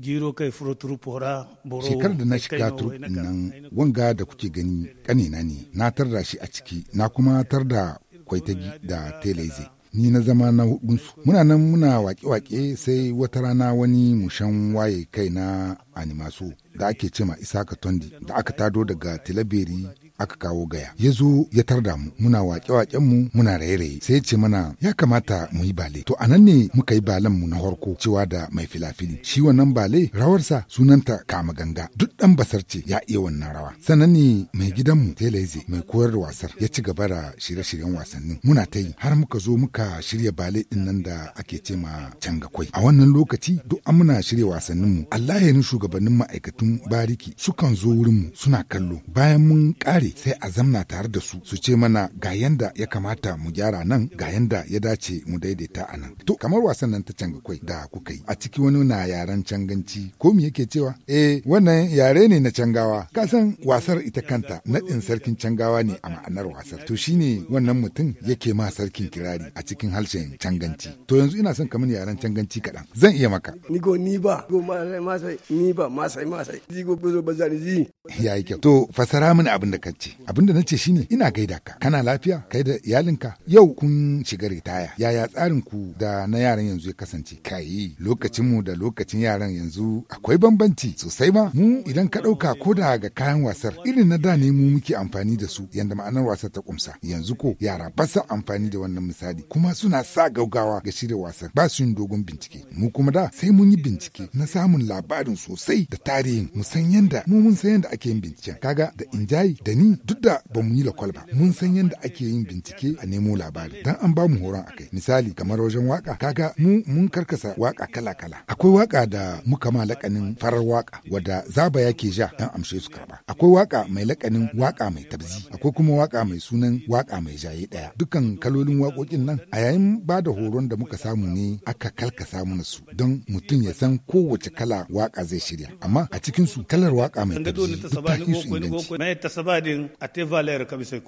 giro kai furo turupora boro shekarar da na shiga turupin nan wanga da kuke gani kanina ne na tarda shi a ciki na kuma tarda kwaitagi da teleze ni na zama na hudunsu muna nan muna wake-wake sai wata rana wani mushan waye kai na animaso da ake cema isaka tondi da aka tado daga tilaberi aka kawo gaya ya zo ya da mu muna waƙe mu muna raye-raye sai ya ce mana ya kamata mu yi bale to anan ne muka yi balen mu na harko cewa da mai filafili shi wannan bale rawarsa sunanta kama ganga duk dan basar ce ya iya wannan rawa sanan ne mai gidanmu teleze mai koyar da wasar ya ci gaba da shirye-shiryen wasannin muna ta yi har muka zo muka shirya bale din nan da ake ce ma canga kwai a wannan lokaci duk an muna shirya wasannin mu. ya allahirin shugabannin ma'aikatun bariki sukan zo wurin mu suna kallo bayan mun kare dole sai a zamna tare da su su ce mana ga yanda ya kamata mu gyara nan ga yanda ya dace mu daidaita a nan. To kamar wasan nan ta canga kwai da kuka yi a ciki wani na yaren canganci ko me yake cewa eh wannan yare ne na cangawa ka san wasar ita kanta naɗin sarkin cangawa ne a ma'anar wasar to shine wannan mutum yake ma sarkin kirari a cikin harshen canganci to yanzu ina son kamar yaren canganci kaɗan zan iya maka. n'i go ni ba go masai ni ba masai masai go bazo bazari zi. Ya yi kyau to fasara mini abin da ka ce abin da nace shine ina gaida ka kana lafiya kai da iyalinka yau kun shiga ritaya yaya tsarin ku da na yaran yanzu ya kasance kai lokacin mu da lokacin yaran yanzu akwai bambanci sosai ma mu idan ka dauka ko da ga kayan wasar irin na da ne mu muke amfani da su yanda ma'anar wasar ta kumsa yanzu ko yara ba sa amfani da wannan misali kuma suna sa gaugawa ga shirya wasar ba su yin dogon bincike mu kuma da sai mun yi bincike na samun labarin sosai da tarihin mu san yanda mu mun san yanda ake yin binciken kaga da injayi da ni duk da ba mu yi lakwal ba, mun san yadda ake yin bincike a nemo labari. Dan an ba mu horon akai. Misali kamar wajen waka, kaga mu mun karkasa waka kala-kala. Akwai waka da muka ma lakanin farar waka wada zaba yake ja dan amshe su karba. Akwai waka mai lakanin waka mai tabzi. Akwai kuma waka mai sunan waka mai jaye daya. Dukan kalolin wakokin nan a yayin ba da horon da muka samu ne aka kalkasa mana su don mutum ya san kowace kala waka zai shirya. Amma a cikin su kalar waka mai tabzi duk ta su inganci. din a tɛ valeur kabisa i